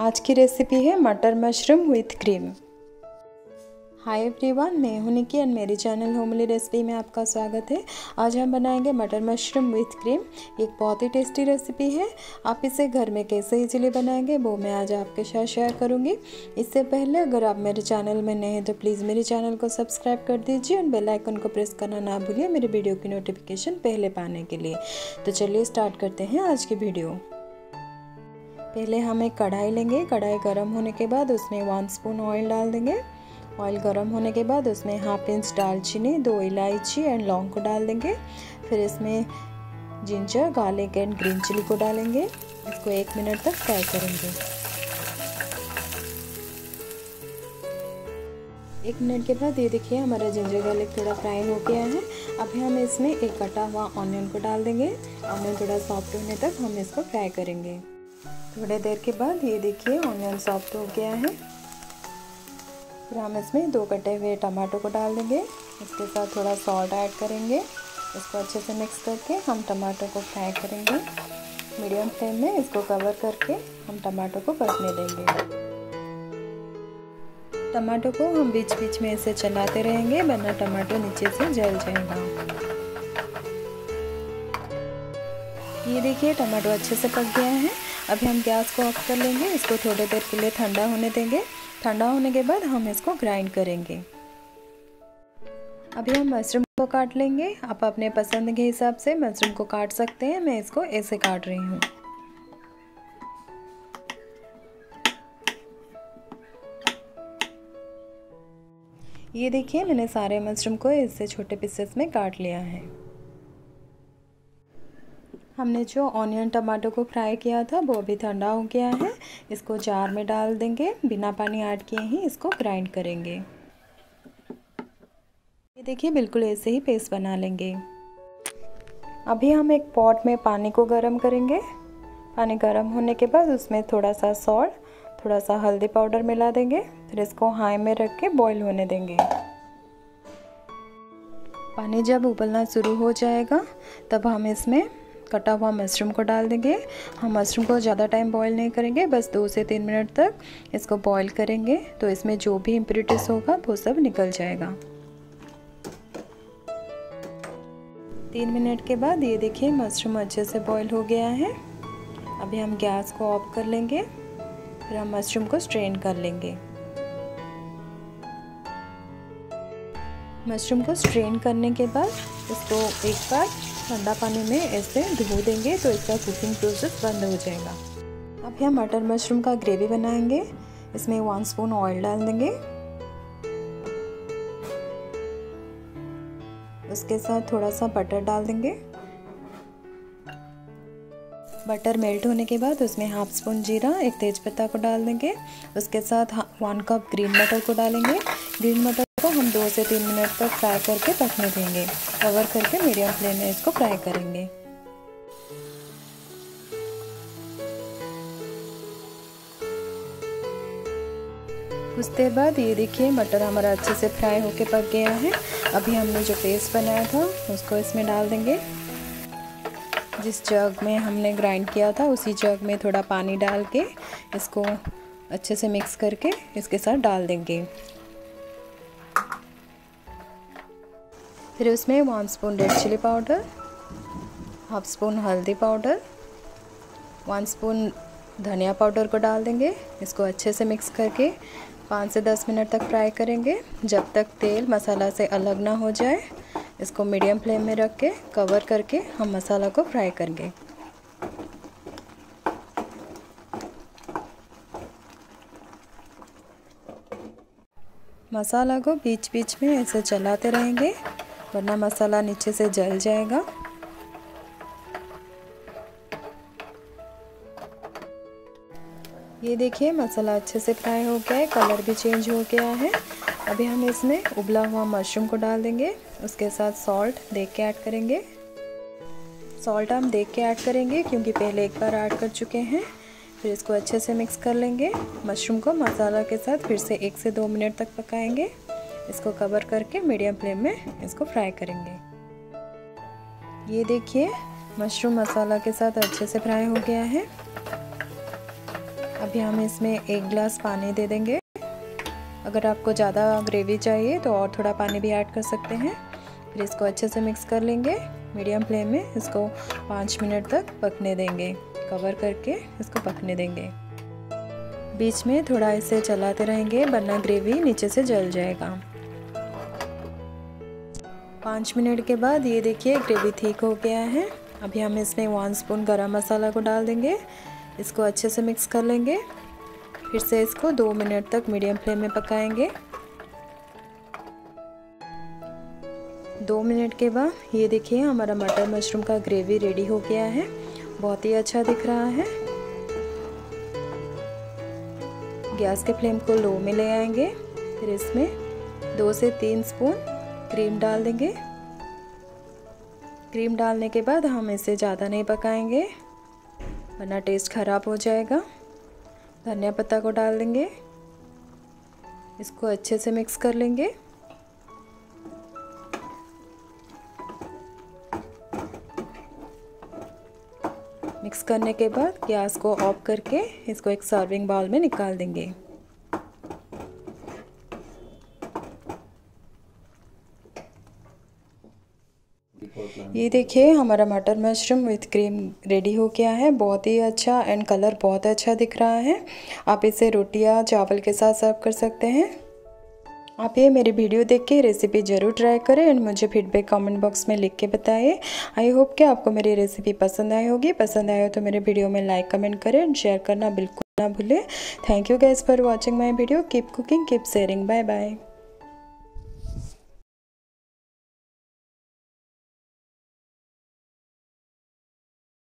आज की रेसिपी है मटर mushroom with cream hi everyone मैं हूं निकी एंड मेरे चैनल होमली रेसिपी में आपका स्वागत है आज हम बनाएंगे मटर मशरूम विथ क्रीम एक बहुत ही टेस्टी रेसिपी है आप इसे घर में कैसे इजीली बनाएंगे वो मैं आज आपके साथ शेयर करूंगी इससे पहले अगर आप मेरे चैनल में नए हैं तो प्लीज़ मेरे चैनल को सब्सक्राइब कर दीजिए और बेलाइकन को प्रेस करना ना भूलिए मेरे वीडियो की नोटिफिकेशन पहले पाने के लिए तो चलिए स्टार्ट करते हैं आज की वीडियो पहले हम एक कढ़ाई लेंगे कढ़ाई गर्म होने के बाद उसमें वन स्पून ऑयल डाल देंगे ऑयल गर्म होने के बाद उसमें हाफ इंच दालचीनी दो इलायची एंड लौंग को डाल देंगे फिर इसमें ginger garlic and green chilli को डालेंगे इसको एक मिनट तक फ्राई करेंगे एक मिनट के बाद ये देखिए हमारा जिंजर गार्लिक थोड़ा फ्राई हो गया है अभी हम इसमें एक कटा हुआ ऑनियन को डाल देंगे ऑनियन थोड़ा सॉफ्ट होने तक हम इसको फ्राई करेंगे थोड़ी देर के बाद ये देखिए ऑनियन सॉफ्ट हो गया है फिर हम इसमें दो कटे हुए टमाटो को डाल देंगे इसके साथ थोड़ा सॉल्ट ऐड करेंगे इसको अच्छे से मिक्स करके हम टमाटो को फ्राई करेंगे मीडियम फ्लेम में इसको कवर करके हम टमाटो को पकने देंगे टमाटो को हम बीच बीच में इसे चलाते रहेंगे वरना टमाटो नीचे से जल जाएगा ये देखिए टमाटो अच्छे से पक गया है अभी हम गैस को ऑफ कर लेंगे इसको थोड़ी देर के लिए ठंडा होने देंगे ठंडा होने के बाद हम इसको ग्राइंड करेंगे अभी हम मशरूम को काट लेंगे आप अपने पसंद के हिसाब से मशरूम को काट सकते हैं मैं इसको ऐसे काट रही हूँ ये देखिए मैंने सारे मशरूम को इससे छोटे पीसेस में काट लिया है हमने जो ऑनियन टमाटो को फ्राई किया था वो अभी ठंडा हो गया है इसको जार में डाल देंगे बिना पानी ऐड किए ही इसको ग्राइंड करेंगे ये देखिए बिल्कुल ऐसे ही पेस्ट बना लेंगे अभी हम एक पॉट में पानी को गर्म करेंगे पानी गर्म होने के बाद उसमें थोड़ा सा सॉल्ट थोड़ा सा हल्दी पाउडर मिला देंगे फिर इसको हाई में रख के बॉईल होने देंगे पानी जब उबलना शुरू हो जाएगा तब हम इसमें कटा हुआ मशरूम को डाल देंगे हम मशरूम को ज़्यादा टाइम बॉईल नहीं करेंगे बस दो से तीन मिनट तक इसको बॉईल करेंगे तो इसमें जो भी इम्प्रिटिस होगा वो सब निकल जाएगा तीन मिनट के बाद ये देखिए मशरूम अच्छे से बॉईल हो गया है अभी हम गैस को ऑफ कर लेंगे फिर हम मशरूम को स्ट्रेन कर लेंगे मशरूम को स्ट्रेन करने के बाद इसको एक बार ठंडा पानी में ऐसे धो देंगे तो इसका कुकिंग प्रोसेस बंद हो जाएगा अब यह मटर मशरूम का ग्रेवी बनाएंगे इसमें वन स्पून ऑयल डाल देंगे उसके साथ थोड़ा सा बटर डाल देंगे बटर मेल्ट होने के बाद उसमें हाफ स्पून जीरा एक तेज पत्ता को डाल देंगे उसके साथ वन कप ग्रीन मटर को डालेंगे ग्रीन मटर को हम दो से तीन मिनट तक फ्राई करके पकने देंगे कवर करके मीडियम फ्लेम में इसको फ्राई करेंगे उसके बाद ये देखिए मटर हमारा अच्छे से फ्राई होके पक गया है अभी हमने जो पेस्ट बनाया था उसको इसमें डाल देंगे जिस जग में हमने ग्राइंड किया था उसी जग में थोड़ा पानी डाल के इसको अच्छे से मिक्स करके इसके साथ डाल देंगे फिर उसमें one spoon red chilli powder half spoon हल्दी पाउडर वन स्पून धनिया पाउडर को डाल देंगे इसको अच्छे से मिक्स करके पाँच से दस मिनट तक फ्राई करेंगे जब तक तेल मसाला से अलग ना हो जाए इसको मीडियम फ्लेम में रख के कवर करके हम मसाला को फ्राई करेंगे मसाला को बीच बीच में ऐसे चलाते रहेंगे वरना मसाला नीचे से जल जाएगा ये देखिए मसाला अच्छे से फ्राई हो गया है कलर भी चेंज हो गया है अभी हम इसमें उबला हुआ मशरूम को डाल देंगे उसके साथ सॉल्ट देख के ऐड करेंगे सॉल्ट हम देख के ऐड करेंगे क्योंकि पहले एक बार ऐड कर चुके हैं फिर इसको अच्छे से मिक्स कर लेंगे मशरूम को मसाला के साथ फिर से एक से दो मिनट तक पकाएंगे इसको कवर करके मीडियम फ्लेम में इसको फ्राई करेंगे ये देखिए मशरूम मसाला के साथ अच्छे से फ्राई हो गया है अभी हम इसमें एक गिलास पानी दे देंगे अगर आपको ज़्यादा ग्रेवी चाहिए तो और थोड़ा पानी भी ऐड कर सकते हैं फिर इसको अच्छे से मिक्स कर लेंगे मीडियम फ्लेम में इसको पाँच मिनट तक पकने देंगे कवर करके इसको पकने देंगे बीच में थोड़ा इसे चलाते रहेंगे वरना ग्रेवी नीचे से जल जाएगा पाँच मिनट के बाद ये देखिए ग्रेवी ठीक हो गया है अभी हम इसमें वन स्पून गरम मसाला को डाल देंगे इसको अच्छे से मिक्स कर लेंगे फिर से इसको दो मिनट तक मीडियम फ्लेम में पकाएंगे दो मिनट के बाद ये देखिए हमारा मटर मशरूम का ग्रेवी रेडी हो गया है बहुत ही अच्छा दिख रहा है गैस के फ्लेम को लो में ले आएंगे फिर इसमें दो से तीन स्पून क्रीम डाल देंगे क्रीम डालने के बाद हम इसे ज़्यादा नहीं पकाएंगे वरना टेस्ट ख़राब हो जाएगा धनिया पत्ता को डाल देंगे इसको अच्छे से मिक्स कर लेंगे मिक्स करने के बाद गैस को ऑफ करके इसको एक सर्विंग बाउल में निकाल देंगे ये देखिए हमारा मटर मशरूम विथ क्रीम रेडी हो गया है बहुत ही अच्छा एंड कलर बहुत अच्छा दिख रहा है आप इसे रोटियाँ चावल के साथ सर्व कर सकते हैं आप ये मेरी वीडियो देख के रेसिपी ज़रूर ट्राई करें एंड मुझे फीडबैक कमेंट बॉक्स में लिख के बताएं आई होप कि आपको मेरी रेसिपी पसंद आई होगी पसंद आए हो तो मेरे वीडियो में लाइक कमेंट करें एंड शेयर करना बिल्कुल ना भूलें thank you guys for watching my video keep cooking keep sharing bye bye